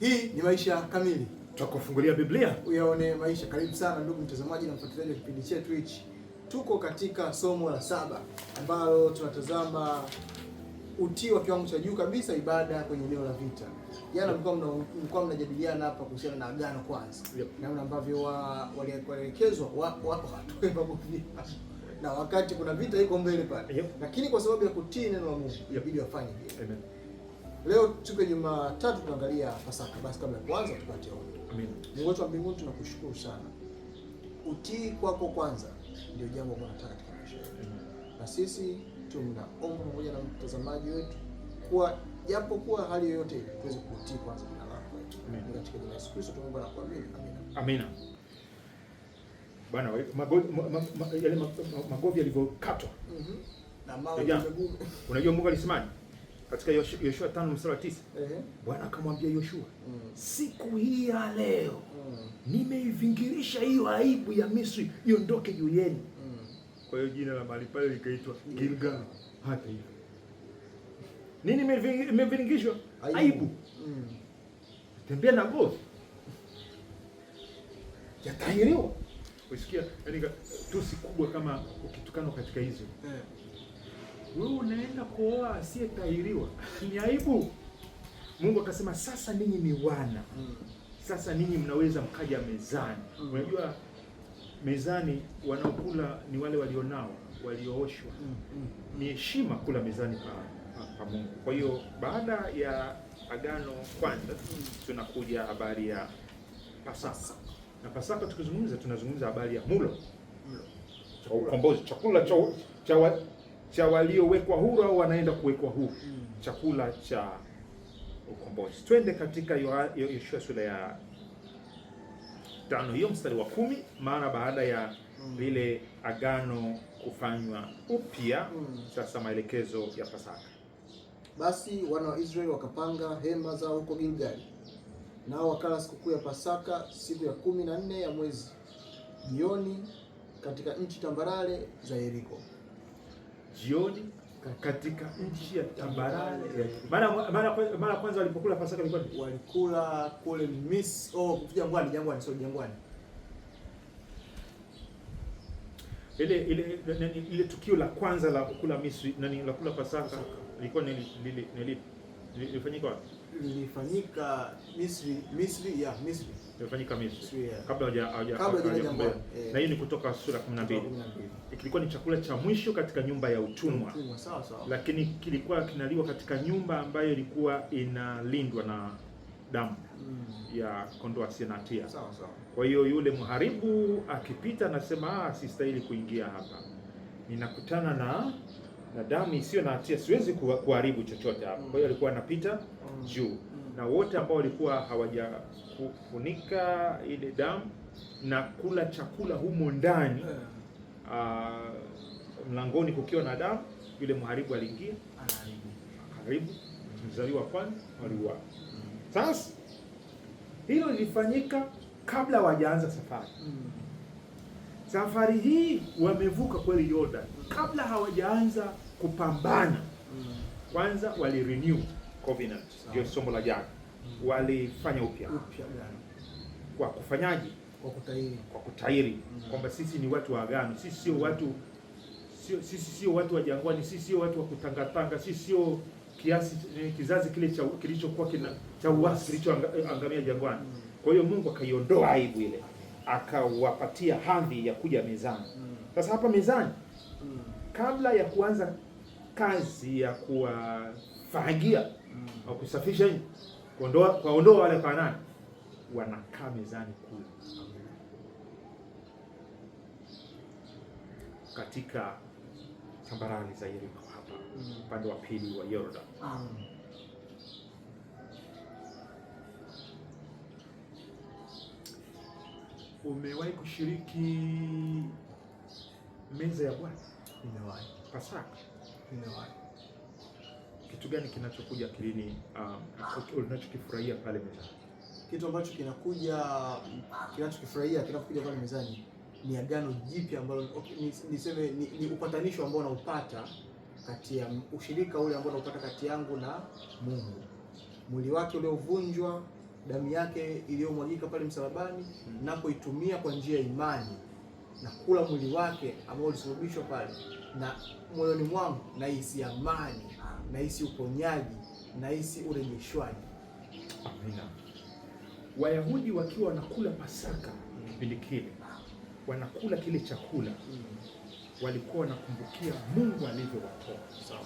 Hii ni Maisha Kamili, tutakufungulia Biblia uyaone maisha. Karibu sana ndugu mtazamaji na mfuatiliaji wa kipindi chetu hichi. Tuko katika somo la saba ambalo tunatazama utii wa kiwango cha juu kabisa, ibada kwenye eneo la vita. Jana mlikuwa mnajadiliana hapa kuhusiana na agano kwanza, namna ambavyo walielekezwa wa, wa, watoe na wakati kuna vita iko mbele pale, yep. lakini kwa sababu ya kutii neno la Mungu inabidi wafanye hivyo Leo siku ya Jumatatu tunaangalia Pasaka. Basi kabla ya kuanza, tupate ombi. Amen. Mungu wetu wa mbinguni, tunakushukuru sana. Utii kwako kwanza ndio jambo ambalo tunataka katika maisha yetu, na sisi tunaomba pamoja na mtazamaji wetu kuwa japo kuwa hali yoyote tuweze kutii kwanza jina lako. Amen. Katika jina la Yesu Kristo tunaomba na kuamini. Amina. Amina. Bwana, magovi yalivyokatwa. Mhm. Na mawe yameguma. Unajua Mungu alisemaje? katika Yoshua tano mstari wa tisa Bwana akamwambia Yoshua, mm. siku hii ya leo mm. nimeivingirisha hiyo aibu ya Misri iondoke juu yenu. Mm. Kwa hiyo jina la mahali pale likaitwa Gilgal. Hata hivyo nini imevingirishwa? Aibu. Tembea na gofu yatahiriwa, usikia yani tusi kubwa kama ukitukanwa katika hizo eh wewe unaenda kuoa asiyetahiriwa ni aibu. Mungu akasema sasa ninyi ni wana, sasa ninyi mnaweza mkaja mezani. Mm. Unajua mezani wanaokula ni wale walionao, waliooshwa. Mm, mm. Ni heshima kula mezani pa, pa, pa Mungu. Kwa hiyo baada ya agano kwanza, tunakuja habari ya Pasaka na Pasaka tukizungumza, tunazungumza habari ya mulo, ukombozi, chakula cha cha waliowekwa huru au wanaenda kuwekwa huru, chakula cha ukombozi. Twende katika Yoshua sura ya tano hiyo mstari wa kumi, mara baada ya lile mm. agano kufanywa upya. Mm. Sasa maelekezo ya Pasaka. Basi wana wa Israeli wakapanga hema zao huko Gilgali, nao wakala sikukuu ya Pasaka siku ya kumi na nne ya mwezi jioni, katika nchi tambarare za Yeriko jioni katika nchi ya tambarare. Mara mara kwanza walipokula Pasaka ilikuwa walikula kule Misri, oh, jangwani, jangwani, sio jangwani. Ile ile ile tukio la kwanza la kula Misri nani la kula Pasaka ilikuwa ni nilifanyika wapi? Lilifanyika Misri, Misri ya Misri imefanyika Misri kabla hawajakomboa, eh. na hii ni Kutoka sura 12. Kilikuwa ni chakula cha mwisho katika nyumba ya utumwa, lakini kilikuwa kinaliwa katika nyumba ambayo ilikuwa inalindwa na damu mm. ya kondoo asiye na hatia. Kwa hiyo yule mharibu akipita anasema, ah, sistahili kuingia hapa, ninakutana na na damu isiyo na hatia, siwezi kuharibu chochote hapa. Kwa hiyo alikuwa anapita mm. juu na wote ambao walikuwa hawajafunika ile damu na kula chakula humo ndani, uh, mlangoni kukiwa na damu, yule mharibu aliingia akaharibu. Mzaliwa wa kwanza waliuawa. Mm. Sasa hilo lilifanyika kabla hawajaanza safari. Mm. Safari hii wamevuka kweli Yordani kabla hawajaanza kupambana. Mm. Kwanza walirenew covenant, ndio somo la jana mm. walifanya upya upya kwa kufanyaji kwa kutahiri, kwa kutahiri mm. kwamba sisi ni watu wa agano, sisi sio watu sio si, si, watu wa jangwani, sisi sio watu wa kutangatanga, sisi sio kiasi eh, kizazi kile cha kilichokuwa kina cha uasi kilichoangamia eh, jangwani mm. Kwa hiyo Mungu akaiondoa aibu ile akawapatia hadhi ya kuja mezani. Mm. Sasa hapa mezani, kabla ya kuanza kazi ya kuwafagia au kusafisha nchi, kuondoa kuondoa wale Kanaani, wanakaa mezani kula katika tambarani za Yeriko hapa mm. upande wa pili wa Yordan. Umewahi kushiriki meza ya Bwana? Nimewahi. Pasaka? Nimewahi kitu gani kinachokuja akilini, um, unachokifurahia pale mezani? Kitu ambacho kinakuja kinachokifurahia kinakuja pale mezani ni agano jipya ambalo niseme ni, ni, ni upatanisho ambao naupata kati ya ushirika ule ambao naupata kati yangu na Mungu, mwili wake uliovunjwa, damu yake iliyomwagika pale msalabani, kuitumia hmm. kwa njia ya imani na kula mwili wake ambao ulisulubishwa pale, na moyoni mwangu nahisi amani nahisi uponyaji, nahisi urejeshwaji. Amina. Wayahudi wakiwa wanakula Pasaka mm. kipindi kile, wanakula kile chakula mm. walikuwa wanakumbukia Mungu alivyowatoa sawa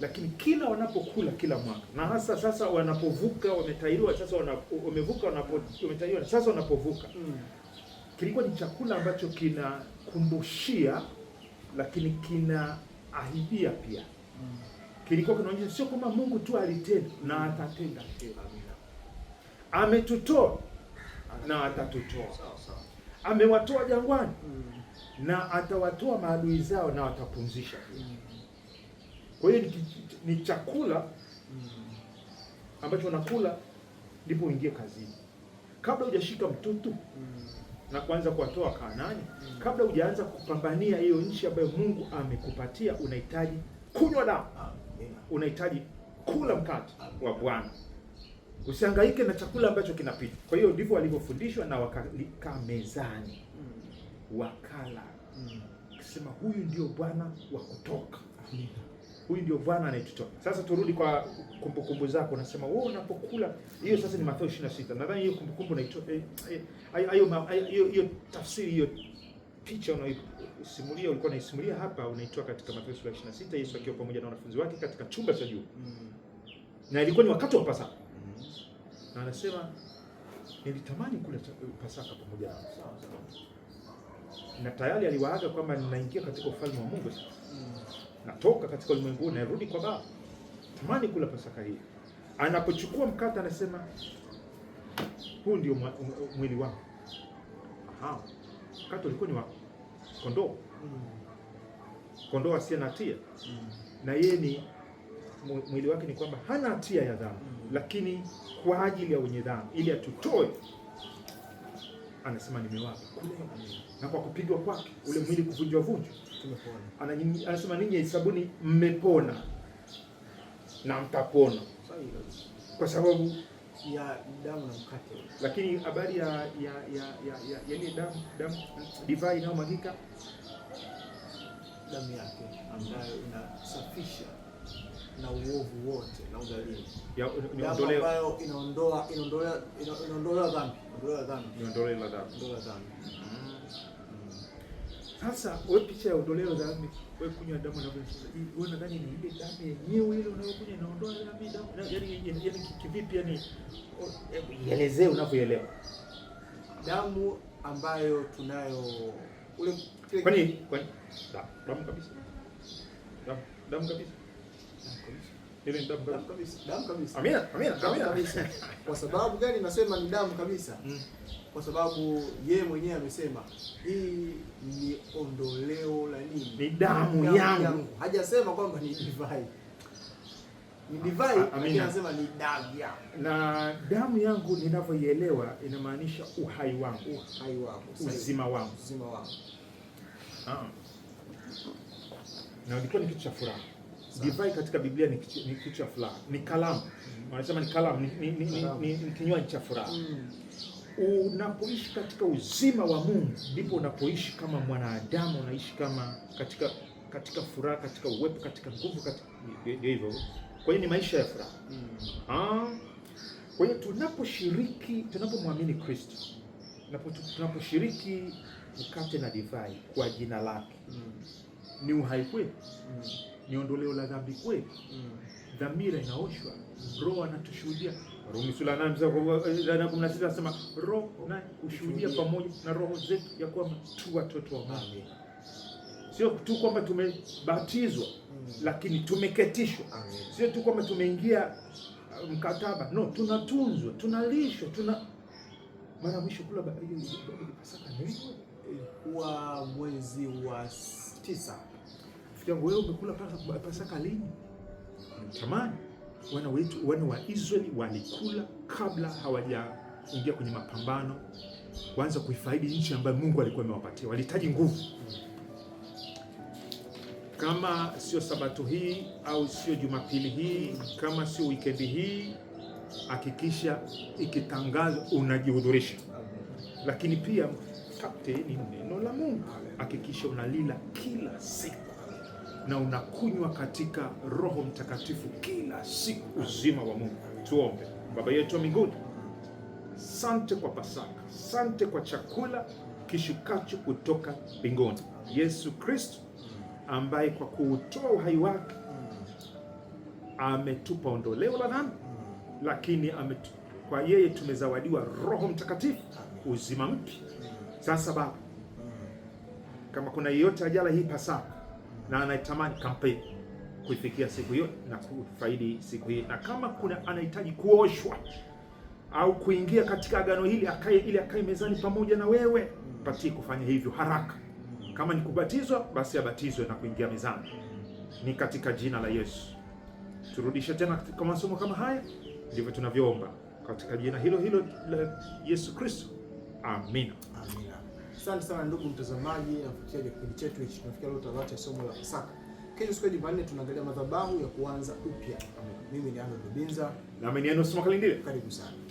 lakini kila wanapokula kila mwaka na hasa sasa wanapovuka wametahiriwa, sasa wamevuka, wametahiriwa sasa wanapovuka mm. kilikuwa ni chakula ambacho kinakumbushia, lakini kinaahidia pia kilikuwa kinaonyesha sio kwamba Mungu tu alitenda na atatenda tena. Ametutoa na atatutoa, amewatoa jangwani mm. na atawatoa maadui zao na watapumzisha. Kwa hiyo ni chakula mm. ambacho unakula ndipo uingie kazini, kabla hujashika mtutu mm. na kuanza kuwatoa Kanaani, kabla hujaanza kupambania hiyo nchi ambayo Mungu amekupatia, unahitaji kunywa damu, unahitaji kula mkate wa Bwana. Usihangaike na chakula ambacho kinapita. Kwa hiyo ndivyo walivyofundishwa na wakalika mezani, mm. wakala mm. akisema, huyu ndio Bwana wa kutoka huyu ndio Bwana anayetutoa. Sasa turudi kwa kumbukumbu zako, unasema wewe oh, unapokula hiyo. Sasa ni Mathayo 26. Nadhani hiyo kumbukumbu eh, eh, hiyo hiyo tafsiri hiyo picha unayo simulia ulikuwa naisimulia hapa unaitoa katika Mathayo sura sita Yesu akiwa pamoja na wanafunzi wake katika chumba cha juu mm na ilikuwa ni wakati wa Pasaka mm na anasema nilitamani kula Pasaka pamoja nao, na tayari aliwaaga kwamba ninaingia katika ufalme wa Mungu sasa mm. natoka katika ulimwengu narudi kwa Baba. Tamani kula Pasaka hii. Anapochukua mkate anasema huu ndio mwili wangu. Aha, mkate ulikuwa ni wa kondoo mm. kondoo asiye na hatia mm. na yeye ni mwili wake ni kwamba hana hatia ya dhambi mm. lakini kwa ajili ya wenye dhambi ili atutoe, anasema nimewapa na kwa kupigwa kwake ule mwili kuvunjwa vunjwa, anasema ninyi sabuni mmepona na mtapona, kwa sababu ya damu na mkate, lakini habari ya ya ya ya ya yani damu damu divai na magika damu yake ambayo inasafisha na uovu wote na udhalimu, damu ambayo inaondoa inaondoa inaondoa dhambi, inaondoa dhambi, inaondoa dhambi, inaondoa dhambi mm. Sasa wewe picha ya ondoleo dhambi, wewe kunywa damu na Yesu. Wewe nadhani ni ile damu yenyewe ile unayokunywa inaondoa dhambi damu. Yaani yaani kivipi yani ielezee unavyoelewa. Damu ambayo tunayo ule kile kwani kwani damu kabisa. Damu kabisa. Damu kabisa. Ile damu kabisa. Damu kabisa. Amina, amina, amina kabisa. Kwa sababu gani nasema ni damu kabisa? Mm. Kwa sababu yeye mwenyewe amesema hii ni ondoleo la nini? Ni damu, damu yangu. yangu. Hajasema kwamba ni divai. Ni ah, divai, ah, lakini Anasema ni damu yangu. Na damu yangu ninavyoielewa inamaanisha uhai wangu, uhai wangu, uzima wangu, uzima wangu. Ah. Na ilikuwa ni kitu cha furaha divai katika Biblia ni kitu, cha furaha, ni kalamu wanasema, ni kalamu ni, ni, ni, ni, ni kinywaji cha furaha. Hmm. Unapoishi katika uzima wa Mungu ndipo unapoishi kama mwanadamu, unaishi kama katika katika furaha, katika uwepo, katika nguvu, katika hivyo. Kwa hiyo ni maisha ya furaha. Hmm. Ah. Kwa hiyo tunaposhiriki, tunapomwamini Kristo, tunaposhiriki mkate na divai kwa jina lake, hmm. ni uhai kwetu ni ondoleo la dhambi kweli. Mm. Dhamira inaoshwa, mm. roho anatushuhudia. Warumi sura ya 16 eh, anasema roho naye kushuhudia pamoja na roho zetu ya kwamba tu watoto wa Mungu, sio tu kwamba tumebatizwa mm. lakini tumeketishwa, sio tu kwamba tumeingia uh, mkataba. No, tunatunzwa, tunalishwa, tuna mara mwisho kula Pasaka ni kwa mwezi wa tisa yangu wewe, umekula Pasaka lini? Tamani wana wetu, wana wa Israeli walikula kabla hawajaingia kwenye mapambano, kuanza kuifaidi nchi ambayo Mungu alikuwa amewapatia. Walihitaji nguvu. Kama sio sabato hii au sio jumapili hii, kama sio wikendi hii, hakikisha ikitangazwa unajihudhurisha. Lakini pia mkate ni neno la Mungu, hakikisha unalila kila siku na unakunywa katika Roho Mtakatifu kila siku uzima wa Mungu. Tuombe. Baba yetu wa mbinguni, sante kwa Pasaka, sante kwa chakula kishukacho kutoka mbinguni, Yesu Kristo ambaye kwa kuutoa uhai wake ametupa ondoleo la dhambi, lakini ametu, kwa yeye tumezawadiwa Roho Mtakatifu, uzima mpya. Sasa Baba, kama kuna yeyote ajala hii Pasaka na anaitamani kampeni kuifikia siku hiyo na kufaidi siku hiyo, na kama kuna anahitaji kuoshwa au kuingia katika agano hili akae ili akae mezani pamoja na wewe, patie kufanya hivyo haraka. Kama ni kubatizwa, basi abatizwe na kuingia mezani, ni katika jina la Yesu. Turudishe tena katika masomo kama haya, ndivyo tunavyoomba katika jina hilo hilo la Yesu Kristo. Amina, amina. Asante sana ndugu mtazamaji na mfuatiliaji kipindi chetu hichi. Tunafikia leo tamati ya somo la Pasaka. Kesho siku ya Jumanne tunaangalia madhabahu ya kuanza upya. Mimi ni Ahmed Rubinza na mimi ni Enos Makalindile. Karibu sana.